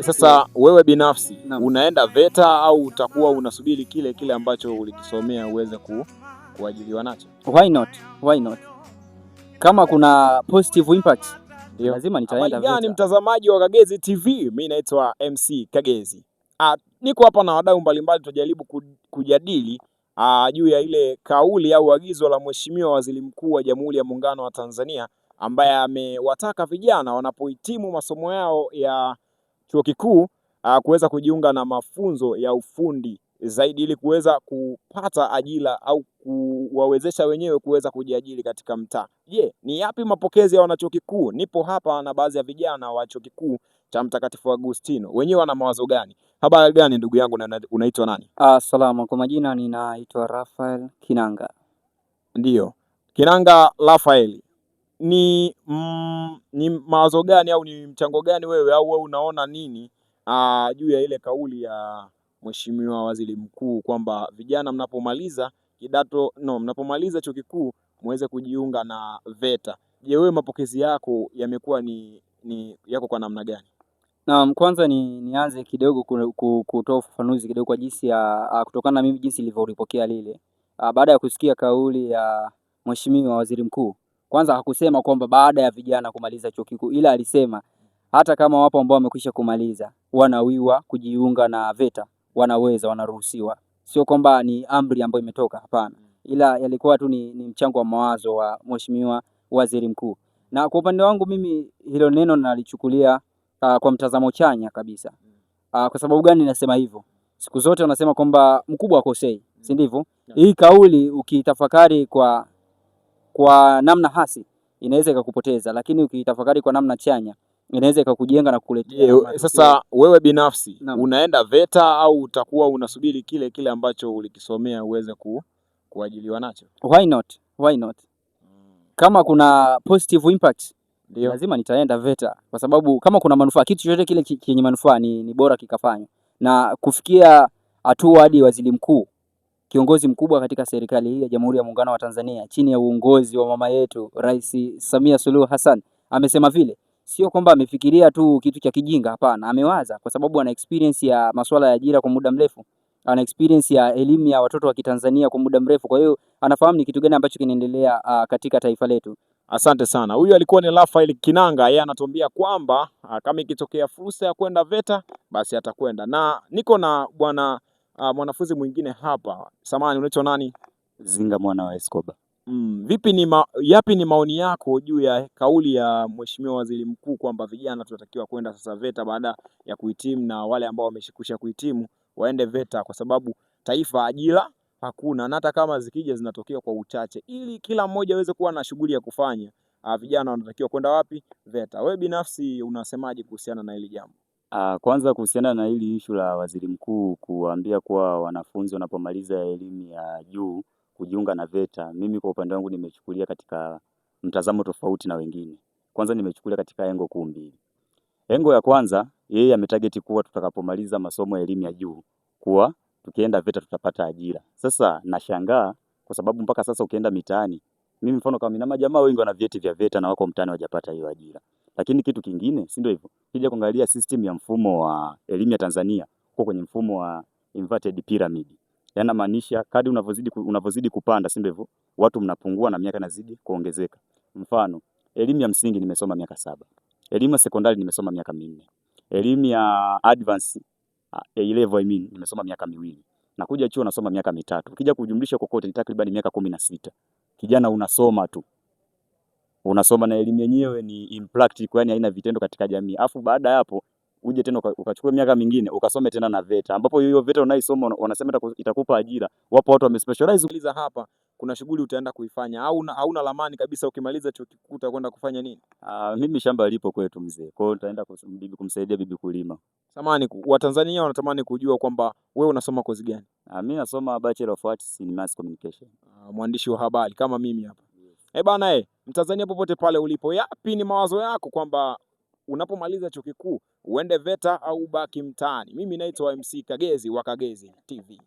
Sasa wewe binafsi no. unaenda VETA au utakuwa unasubiri kile kile ambacho ulikisomea uweze ku, kuajiliwa nacho? Why not? Why not? Kama kuna positive impact lazima nitaenda VETA. Ni mtazamaji wa Kagezi TV, mimi naitwa MC Kagezi. Ah, niko hapa na wadau mbalimbali, tujaribu kujadili ah, juu ya ile kauli au agizo la Mheshimiwa Waziri Mkuu wa Jamhuri ya Muungano wa Tanzania ambaye amewataka vijana wanapohitimu masomo yao ya chuo kikuu uh, kuweza kujiunga na mafunzo ya ufundi zaidi ili kuweza kupata ajira au kuwawezesha wenyewe kuweza kujiajiri katika mtaa. Je, ni yapi mapokezi ya wanachuo kikuu? Nipo hapa na baadhi ya vijana wa chuo kikuu cha Mtakatifu Agustino, wenyewe wana mawazo gani? Habari gani ndugu yangu, unaitwa nani? Ah, salama. Kwa majina ninaitwa Rafael Kinanga. Ndiyo, Kinanga Rafael. Ni mm, ni mawazo gani au ni mchango gani wewe au wewe unaona nini uh, juu ya ile kauli ya Mheshimiwa Waziri Mkuu kwamba vijana mnapomaliza kidato no, mnapomaliza chuo kikuu muweze kujiunga na VETA. Je, wewe mapokezi yako yamekuwa ni, ni yako kwa namna gani? Naam, kwanza ni nianze kidogo kutoa ufafanuzi kidogo kwa jinsi ya ah, kutokana na mimi jinsi nilivyolipokea lile ah, baada ya kusikia kauli ya Mheshimiwa Waziri Mkuu kwanza hakusema kwamba baada ya vijana kumaliza chuo kikuu, ila alisema hata kama wapo ambao wamekwisha kumaliza wanawiwa kujiunga na VETA, wanaweza, wanaruhusiwa. Sio kwamba ni amri ambayo imetoka, hapana, ila yalikuwa tu ni, ni mchango wa mawazo wa mheshimiwa waziri mkuu. Na kwa upande wangu mimi hilo neno nalichukulia uh, kwa mtazamo chanya kabisa. Uh, kwa sababu gani nasema hivyo? Siku zote wanasema kwamba mkubwa akosei, si mm. ndivyo? Hii kauli ukitafakari kwa kwa namna hasi inaweza ikakupoteza, lakini ukitafakari kwa namna chanya inaweza ikakujenga na kukuletea. Sasa wewe binafsi na unaenda VETA au utakuwa unasubiri kile kile ambacho ulikisomea uweze ku, kuajiliwa nacho? Why not? Why not? Kama kuna positive impact Dio. Lazima nitaenda VETA kwa sababu kama kuna manufaa, kitu chochote kile chenye manufaa ni, ni bora kikafanya na kufikia hatua hadi waziri mkuu kiongozi mkubwa katika serikali hii ya Jamhuri ya Muungano wa Tanzania chini ya uongozi wa mama yetu Rais Samia Suluhu Hassan amesema vile, sio kwamba amefikiria tu kitu cha kijinga, hapana, amewaza kwa sababu ana experience ya masuala ya ajira kwa muda mrefu, ana experience ya elimu ya watoto wa Kitanzania kwa muda mrefu, kwa hiyo anafahamu ni kitu gani ambacho kinaendelea uh, katika taifa letu. Asante sana. Huyu alikuwa ni Rafael Kinanga, yeye anatuambia kwamba kama ikitokea fursa ya kwenda VETA basi atakwenda, na niko na bwana uh, mwanafunzi mwingine hapa. Samani, unaitwa nani? Zinga mwana wa Escoba. Mm, vipi ni ma, yapi ni maoni yako juu ya kauli ya Mheshimiwa Waziri Mkuu kwamba vijana tunatakiwa kwenda sasa VETA baada ya kuhitimu na wale ambao wameshikusha kuhitimu waende VETA kwa sababu taifa ajira hakuna na hata kama zikija zinatokea kwa uchache, ili kila mmoja aweze kuwa na shughuli ya kufanya. Ah, vijana wanatakiwa kwenda wapi? VETA. Wewe binafsi unasemaje kuhusiana na hili jambo? Uh, kwanza kuhusiana na hili ishu la waziri mkuu kuambia kuwa wanafunzi wanapomaliza elimu ya juu kujiunga na VETA, mimi kwa upande wangu nimechukulia katika mtazamo tofauti na wengine. Kwanza nimechukulia katika engo kuu mbili. Engo ya kwanza, yeye ametageti kuwa tutakapomaliza masomo ya elimu ya juu kuwa tukienda VETA tutapata ajira. Sasa nashangaa kwa sababu mpaka sasa ukienda mitaani, mimi mfano kama nina majamaa wengi wana vyeti vya VETA na wako mtaani wajapata hiyo ajira. Lakini kitu kingine, si ndio hivyo, kija kuangalia system ya mfumo wa elimu ya Tanzania uko kwenye mfumo wa inverted pyramid, Yana maanisha kadi unavozidi unavozidi kupanda, si ndio hivyo, watu mnapungua na miaka inazidi kuongezeka. Mfano, elimu ya msingi nimesoma miaka saba, elimu ya sekondari nimesoma miaka minne, elimu ya advance A level I mean nimesoma miaka miwili Na kuja chuo nasoma miaka mitatu, Kija kujumlisha kokote ni takriban miaka kumi na sita. Kijana unasoma tu unasoma na elimu yenyewe ni impractical, yani haina vitendo katika jamii. Afu baada ya hapo uje tena ukachukua miaka mingine ukasome tena na VETA, ambapo hiyo VETA unaisoma wanasema itakupa ajira. Wapo watu wamespecialize hapa. Kuna shughuli utaenda kuifanya au hauna lamani kabisa, ukimaliza chuo kikuu utakwenda kufanya nini? Aa, ah, mimi shamba lipo kwetu mzee, kwa hiyo nitaenda bibi kumsaidia bibi kulima. Samani, Watanzania wanatamani kujua kwamba wewe unasoma kozi gani? Ah, mimi nasoma Bachelor of Arts in Mass Communication. Ah, mwandishi wa habari kama mimi hapa. Eh bana, eh, Mtanzania popote pale ulipo, yapi ni mawazo yako kwamba unapomaliza chuo kikuu uende VETA au ubaki mtaani? Mimi naitwa MC Kagezi wa Kagezi TV.